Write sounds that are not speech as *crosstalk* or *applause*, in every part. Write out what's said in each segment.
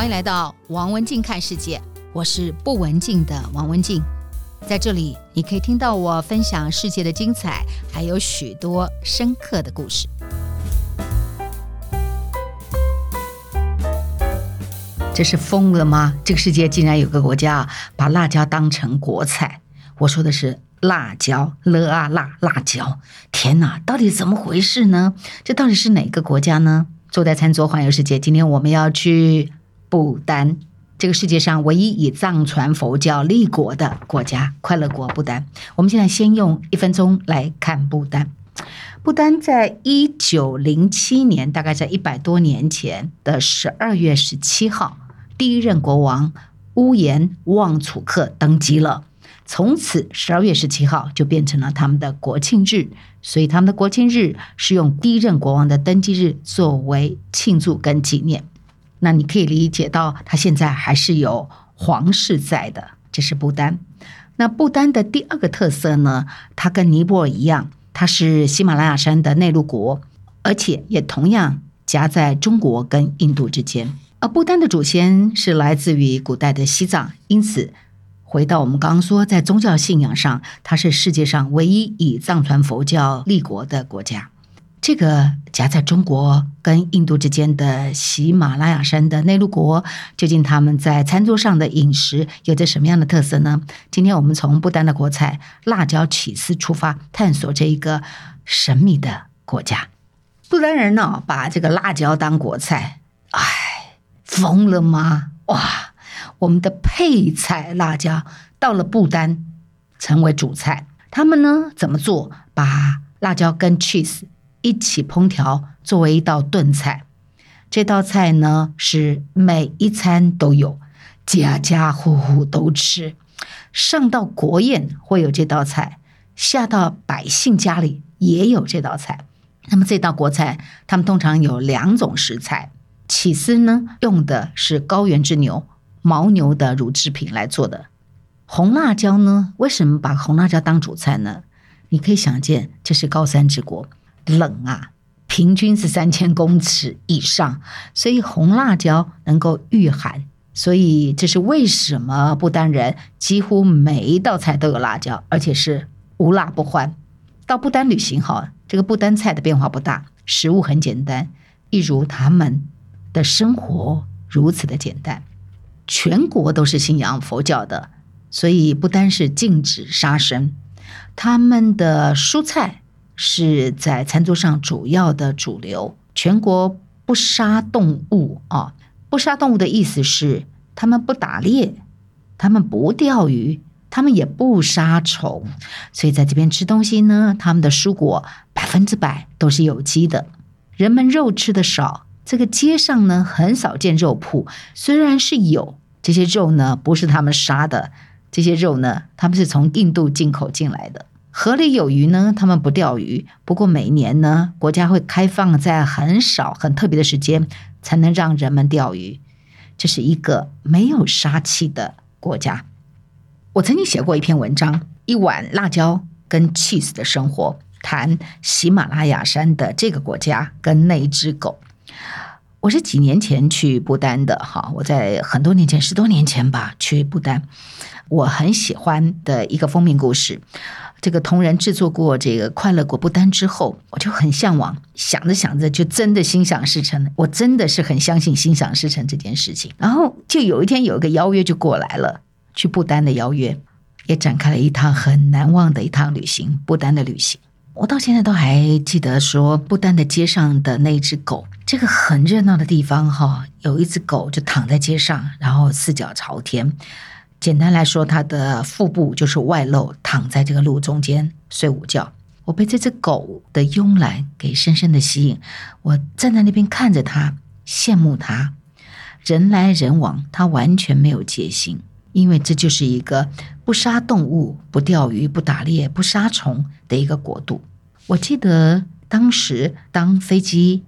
歡迎來到王文靜看世界，我是不文靜的王文靜，在這裡你可以聽到我分享世界的精彩，還有許多深刻的故事。這是瘋了嗎？這個世界竟然有個國家把辣椒當成國菜！我說的是辣椒，辣啊辣辣椒！天哪，到底怎麼回事呢？這到底是哪個國家呢？坐在餐桌環遊世界，今天我們要去。不丹，這個世界上唯一以藏傳佛教立國的國家——快樂國不丹。我們現在先用一分鐘來看不丹。不丹在一九零七年，大概在一百多年前的十二月十七號，第一任國王烏延旺楚克登基了。從此，十二月十七號就變成了他們的國慶日。所以，他們的國慶日是用第一任國王的登基日作為慶祝跟紀念。那你可以理解到，他現在還是有皇室在的，這是不丹。那不丹的第二個特色呢，它跟尼泊爾一樣，它是喜馬拉雅山的內陸國，而且也同樣夾在中國跟印度之間。而不丹的祖先是來自於古代的西藏，因此回到我們剛剛說，在宗教信仰上，它是世界上唯一以藏傳佛教立國的國家。這個夾在中國跟印度之間的喜馬拉雅山的內陸國，究竟他們在餐桌上的飲食有着什麼樣的特色呢？今天我們從不丹的國菜辣椒起司出發，探索這一個神秘的國家。不丹人呢，哦，把這個辣椒當國菜，哎，瘋了嗎？哇，我們的配菜辣椒到了不丹成為主菜。他們呢，怎麼做？把辣椒跟 cheese。一起烹調作為一道燉菜，這道菜呢是每一餐都有，家家戶戶都吃，上到國宴會有這道菜，下到百姓家裡也有這道菜。那麼這道國菜，他們通常有兩種食材：起司呢用的是高原之牛犛牛的乳製品來做的，紅辣椒呢，為什麼把紅辣椒當主菜呢？你可以想見，這是高山之國。冷啊，平均是三千公尺以上，所以紅辣椒能夠禦寒，所以這是為什麼不丹人幾乎每一道菜都有辣椒，而且是無辣不歡。到不丹旅行哈，這個不丹菜的變化不大，食物很簡單，一如他們的生活如此的簡單。全國都是信仰佛教的，所以不丹是禁止殺生，他們的蔬菜。是在餐桌上主要的主流，全國不殺動物啊！不殺動物的意思是，他們不打獵，他們不釣魚，他們也不殺蟲。所以在這邊吃東西呢，他們的蔬果百分之百都是有機的。人們肉吃得少，這個街上呢，很少見肉鋪，雖然是有，這些肉呢不是他們殺的，這些肉呢，他們是從印度進口進來的。河裡有魚呢，他們不釣魚。不過每年呢，國家會開放在很少、很特別的時間，才能讓人們釣魚。這是一個沒有殺氣的國家。我曾經寫過一篇文章，《一碗辣椒跟 cheese 的生活》，談喜馬拉雅山的這個國家跟那一隻狗。我是幾年前去不丹的，哈，我在很多年前，十多年前吧，去不丹。我很喜歡的一個封面故事。這個同仁制作過這個快樂國不丹之後，我就很向往，想着想着就真的心想事成。我真的是很相信心想事成這件事情。然後就有一天有一個邀約就過來了，去不丹的邀約，也展開了一趟很難忘的一趟旅行，不丹的旅行。我到現在都還記得說，說不丹的街上的那只狗，這個很熱鬧的地方哈、哦，有一只狗就躺在街上，然後四腳朝天。簡單來說，它的腹部就是外露，躺在這個路中間睡午覺。我被這隻狗的慵懶給深深的吸引，我站在那邊看着它，羨慕它。人來人往，它完全沒有戒心，因為這就是一個不殺動物、不釣魚、不打獵、不殺蟲的一個國度。我記得當時當飛機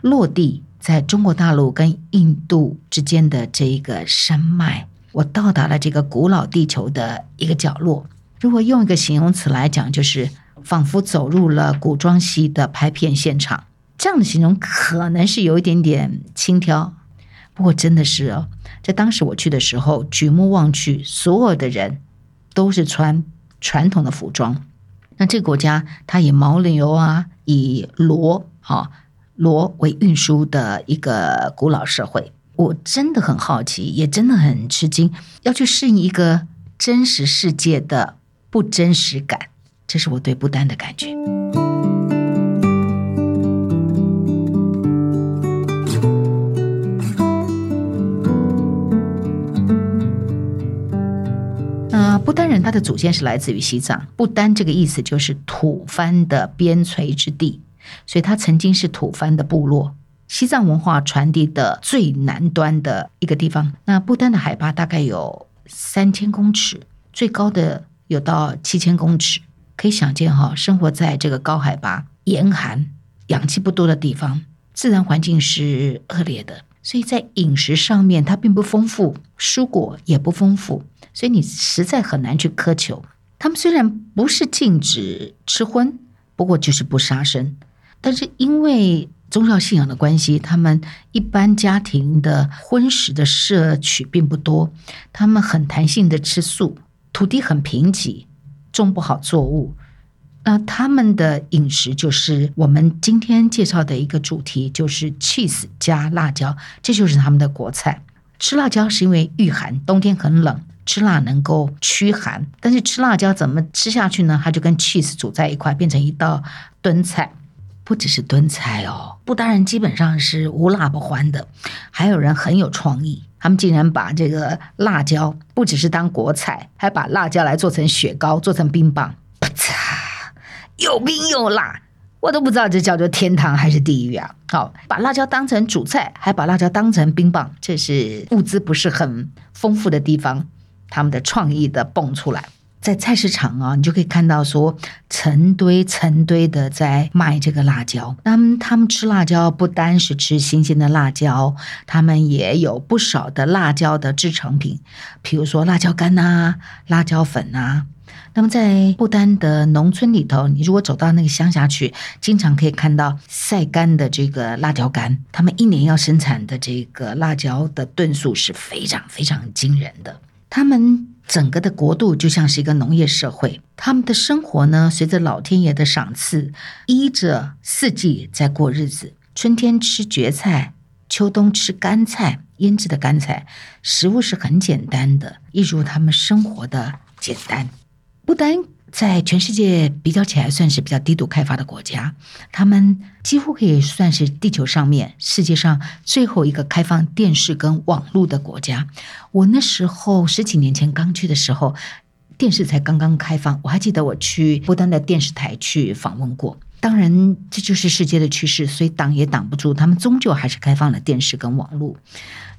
落地在中國大陸跟印度之間的這一個山脈。我到達了這個古老地球的一個角落。如果用一個形容詞來講，就是仿佛走入了古裝戲的拍片現場。這樣的形容可能是有一點點輕佻，不過真的是哦，在當時我去的時候，舉目望去，所有的人都是穿傳統的服裝。那這個國家，它以牦牛啊，以騾啊、騾為運輸的一個古老社會。我真的很好奇，也真的很吃驚，要去適應一個真實世界的不真實感，這是我對不丹的感覺。啊、嗯，不丹人他的祖先是來自於西藏，不丹這個意思就是吐蕃的邊陲之地，所以他曾經是吐蕃的部落。西藏文化傳遞的最南端的一個地方，那不丹的海拔大概有三千公尺，最高的有到七千公尺。可以想見哈、哦，生活在這個高海拔、嚴寒、氧氣不多的地方，自然環境是惡劣的。所以在飲食上面，它並不豐富，蔬果也不豐富，所以你實在很難去苛求。他們雖然不是禁止吃葷，不過就是不殺生，但是因為。宗教信仰的關係，他們一般家庭的葷食的攝取並不多，他們很彈性的吃素。土地很貧瘠，種不好作物，那他們的飲食就是我們今天介紹的一個主題，就是 cheese 加辣椒，這就是他們的國菜。吃辣椒是因為御寒，冬天很冷，吃辣能夠驅寒。但是吃辣椒怎麼吃下去呢？它就跟 cheese 煮在一塊，變成一道燉菜。不只是燉菜哦，不丹人基本上是無辣不歡的，還有人很有創意，他們竟然把這個辣椒不只是當國菜，還把辣椒來做成雪糕，做成冰棒，啪嚓，又冰又辣，我都不知道這叫做天堂還是地獄啊！好，把辣椒當成主菜，還把辣椒當成冰棒，這是物資不是很豐富的地方，他們的創意的蹦出來。在菜市場啊、哦，你就可以看到說成堆成堆的在賣這個辣椒。那麼他，他們吃辣椒不單是吃新鮮的辣椒，他們也有不少的辣椒的製成品，比如說辣椒乾吶、啊、辣椒粉吶、啊。那麼在不丹的農村裡頭，你如果走到那個鄉下去，經常可以看到曬乾的這個辣椒乾。他們一年要生產的這個辣椒的噸數是非常非常驚人的。他們整個的國度就像是一個農業社會，他們的生活呢，隨着老天爺的賞賜，依着四季在過日子。春天吃蕨菜，秋冬吃乾菜，醃製的乾菜，食物是很簡單的，一如他們生活的簡單。不丹，在全世界比較起來，算是比較低度開發的國家，他們幾乎可以算是地球上面、世界上最後一個開放電視跟網絡的國家。我那時候十幾年前剛去的時候，電視才剛剛開放，我還記得我去不丹的電視台去訪問過。當然，這就是世界的趨勢，所以擋也擋不住，他們終究還是開放了電視跟網絡。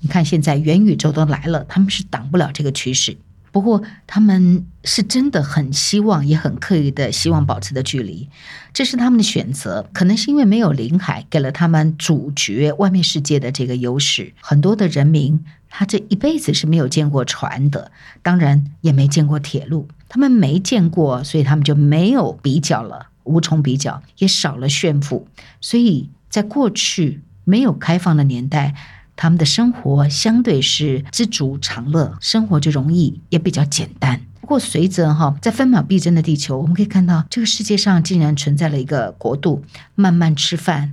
你看，現在元宇宙都來了，他們是擋不了這個趨勢。不過，他們是真的很希望，也很刻意的希望保持的距離，這是他們的選擇。可能是因為沒有臨海，給了他們主角外面世界的這個優勢。很多的人民，他這一輩子是沒有見過船的，當然也沒見過鐵路，他們沒見過，所以他們就沒有比較了，無從比較，也少了炫富。所以在過去沒有開放的年代。他們的生活相對是知足常樂，生活就容易也比較簡單。不過隨着哈，在分秒必爭的地球，我們可以看到這個世界上竟然存在了一個國度，慢慢吃飯，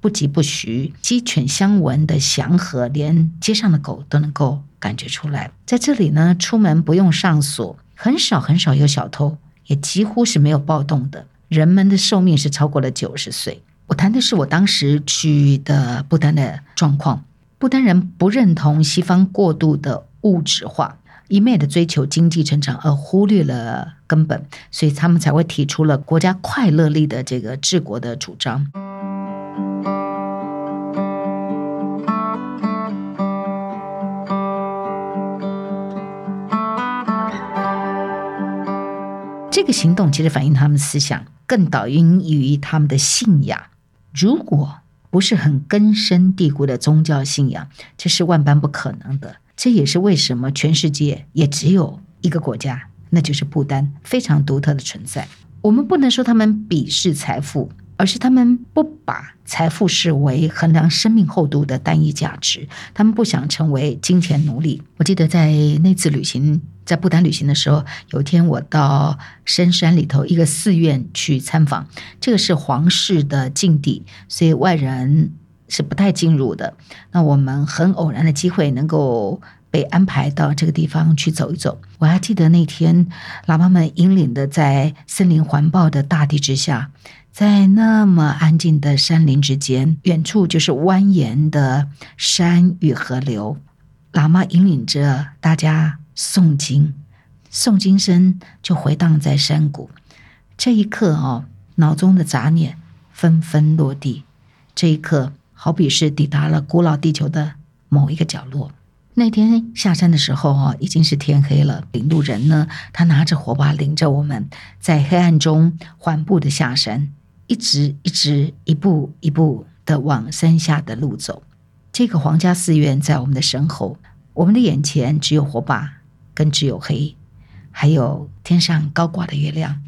不疾不徐，雞犬相聞的祥和，連街上的狗都能夠感覺出來。在這裡呢，出門不用上鎖，很少很少有小偷，也幾乎是沒有暴動的。人們的壽命是超過了九十歲。我談的是我當時去的不丹的狀況。不丹人不認同西方過度的物質化，一味的追求經濟成長而忽略了根本，所以他們才會提出了國家快樂力的這個治國的主張。這個行動其實反映他們思想，更導源於他們的信仰。如果不是很根深蒂固的宗教信仰，這是萬般不可能的。這也是為什麼全世界也只有一個國家，那就是不丹，非常獨特的存在。我們不能說他們鄙視財富，而是他們不把財富視為衡量生命厚度的單一價值。他們不想成為金錢奴隸。我記得在那次旅行。在不丹旅行的時候，有一天我到深山裡頭一個寺院去參訪，這個是皇室的禁地，所以外人是不太進入的。那我們很偶然的機會能夠被安排到這個地方去走一走。我還記得那天，喇嘛們引領的在森林環抱的大地之下，在那麼安靜的山林之間，遠處就是蜿蜒的山與河流，喇嘛引領着大家。誦經，誦經聲就迴盪在山谷。這一刻，哦，腦中的雜念紛紛落地。這一刻，好比是抵達了古老地球的某一個角落。那天下山的時候，哦，啊已經是天黑了。領路人呢，他拿着火把，領着我們在黑暗中緩步的下山，一直一直，一步一步的往山下的路走。這個皇家寺院在我們的身後，我們的眼前只有火把。更只有黑，還有天上高掛的月亮，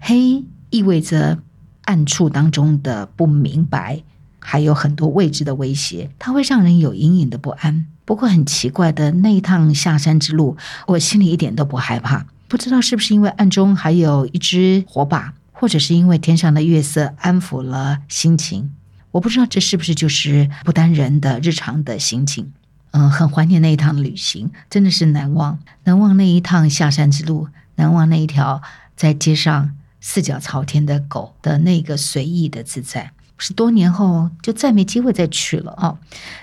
黑意味着暗處當中的不明白，還有很多未知的威脅，它會讓人有隱隱的不安。不過很奇怪的，那一趟下山之路，我心裡一點都不害怕。不知道是不是因為暗中還有一隻火把，或者是因為天上的月色安撫了心情。我不知道這是不是就是不丹人的日常的心情。嗯，很懷念那一趟旅行，真的是難忘，難忘那一趟下山之路，難忘那一條在街上四腳朝天的狗的那個隨意的自在。十多年後就再沒機會再去了啊、哦！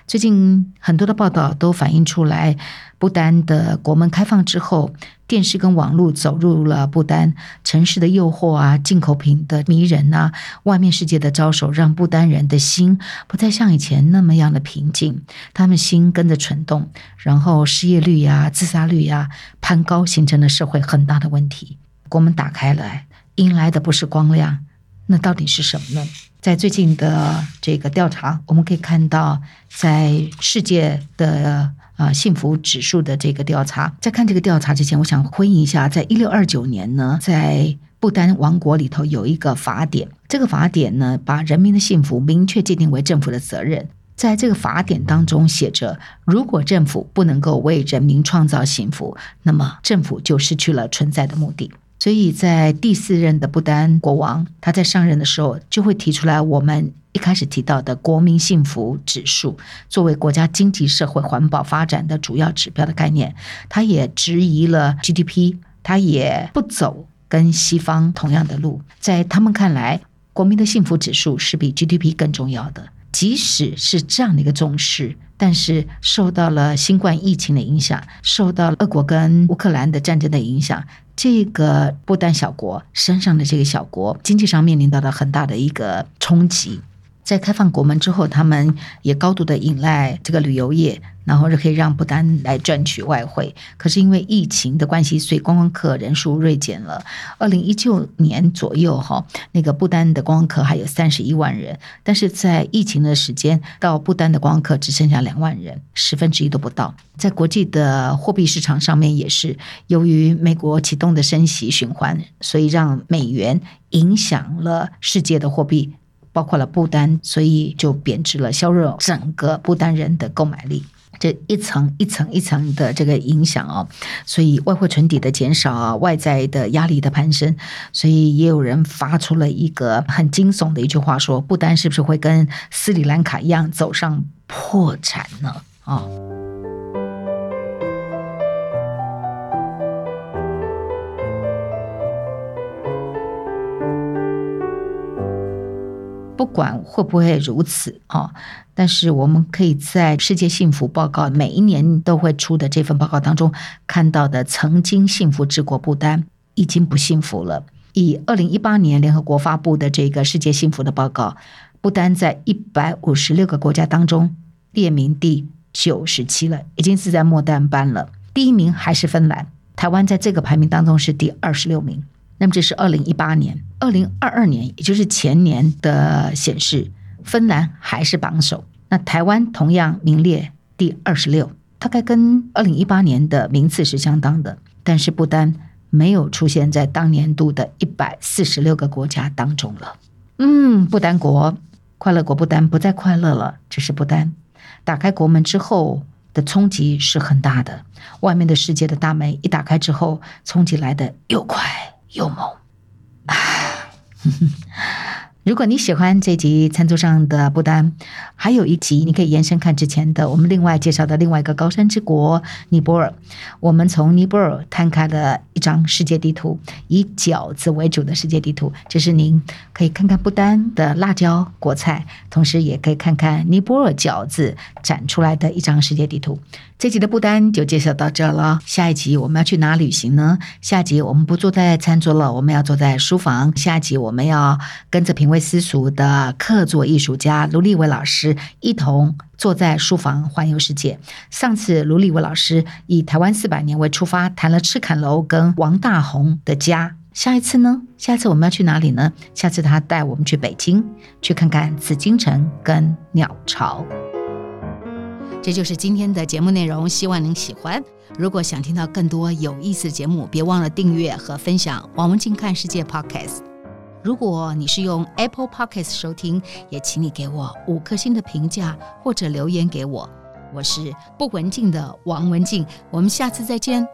最近很多的報道都反映出來，不丹的國門開放之後，電視跟網絡走入了不丹，城市的誘惑啊，進口品的迷人吶、啊，外面世界的招手，讓不丹人的心不再像以前那麼樣的平靜，他們心跟着蠢動，然後失業率呀、啊、自殺率呀、啊、攀高，形成了社會很大的問題。國門打開來，迎來的不是光亮，那到底是什麼呢？在最近的這個調查，我們可以看到，在世界的啊幸福指數的這個調查。在看這個調查之前，我想回應一下，在一六二九年呢，在不丹王國裡頭有一個法典，這個法典呢，把人民的幸福明確界定為政府的責任。在這個法典當中寫着，如果政府不能夠為人民創造幸福，那麼政府就失去了存在的目的。所以在第四任的不丹國王，他在上任的時候就會提出來，我們一開始提到的國民幸福指數作為國家經濟社會環保發展的主要指標的概念，他也質疑了 GDP，他也不走跟西方同樣的路，在他們看來，國民的幸福指數是比 GDP 更重要的。即使是這樣的一個重視，但是受到了新冠疫情的影響，受到了俄國跟烏克蘭的戰爭的影響。這個不丹小國山上的這個小國經濟上面臨到了很大的一個衝擊。在開放國門之後，他們也高度的依賴這個旅遊業，然後就可以讓不丹來賺取外匯。可是因為疫情的關係，所以觀光客人數銳減了。二零一九年左右，哈，那個不丹的觀光客還有三十一萬人，但是在疫情的時間，到不丹的觀光客只剩下兩萬人，十分之一都不到。在國際的貨幣市場上面，也是由於美國啟動的升息循環，所以讓美元影響了世界的貨幣。包括了不丹，所以就貶值了，削弱整個不丹人的購買力。這一層一層一層的這個影響哦，所以外匯存底的減少啊，外債的壓力的攀升，所以也有人發出了一個很驚悚的一句話說，說不丹是不是會跟斯里蘭卡一樣走上破產呢？啊、哦。不管會不會如此啊，哦，但是我們可以在《世界幸福報告》每一年都會出的這份報告當中看到的，曾經幸福之國不丹已經不幸福了。以二零一八年聯合國發布的這個世界幸福的報告，不丹在一百五十六個國家當中列名第九十七了，已經是在末段班了。第一名還是芬蘭，台灣在這個排名當中是第二十六名。那麼這是二零一八年、二零二二年，也就是前年的顯示，芬蘭還是榜首。那台灣同樣名列第二十六，大概跟二零一八年的名次是相當的。但是不丹沒有出現在當年度的一百四十六個國家當中了。嗯，不丹國，快樂國不丹不再快樂了。只是不丹打開國門之後的衝擊是很大的。外面的世界的大門一打開之後，衝擊來的又快。有夢， *laughs* 如果你喜歡這集餐桌上的不丹，還有一集你可以延伸看之前的。我們另外介紹的另外一個高山之國尼泊爾，我們從尼泊爾攤開了一張世界地圖，以餃子為主的世界地圖，這、就是您可以看看不丹的辣椒國菜，同時也可以看看尼泊爾餃子展出來的一張世界地圖。這集的不丹就介紹到這兒了。下一集我們要去哪旅行呢？下一集我們不坐在餐桌了，我們要坐在書房。下一集我們要跟着品味私塾的客座藝術家盧立偉老師，一同坐在書房環遊世界。上次盧立偉老師以台灣四百年為出發，談了赤坎樓跟王大宏的家。下一次呢？下次我們要去哪裡呢？下次他帶我們去北京，去看看紫禁城跟鳥巢。這就是今天的節目內容，希望您喜歡。如果想聽到更多有意思的節目，別忘了訂閱和分享《王文靜看世界》Podcast。如果你是用 Apple Podcast 收聽，也請你給我五顆星的評價或者留言給我。我是不文靜的王文靜，我們下次再見。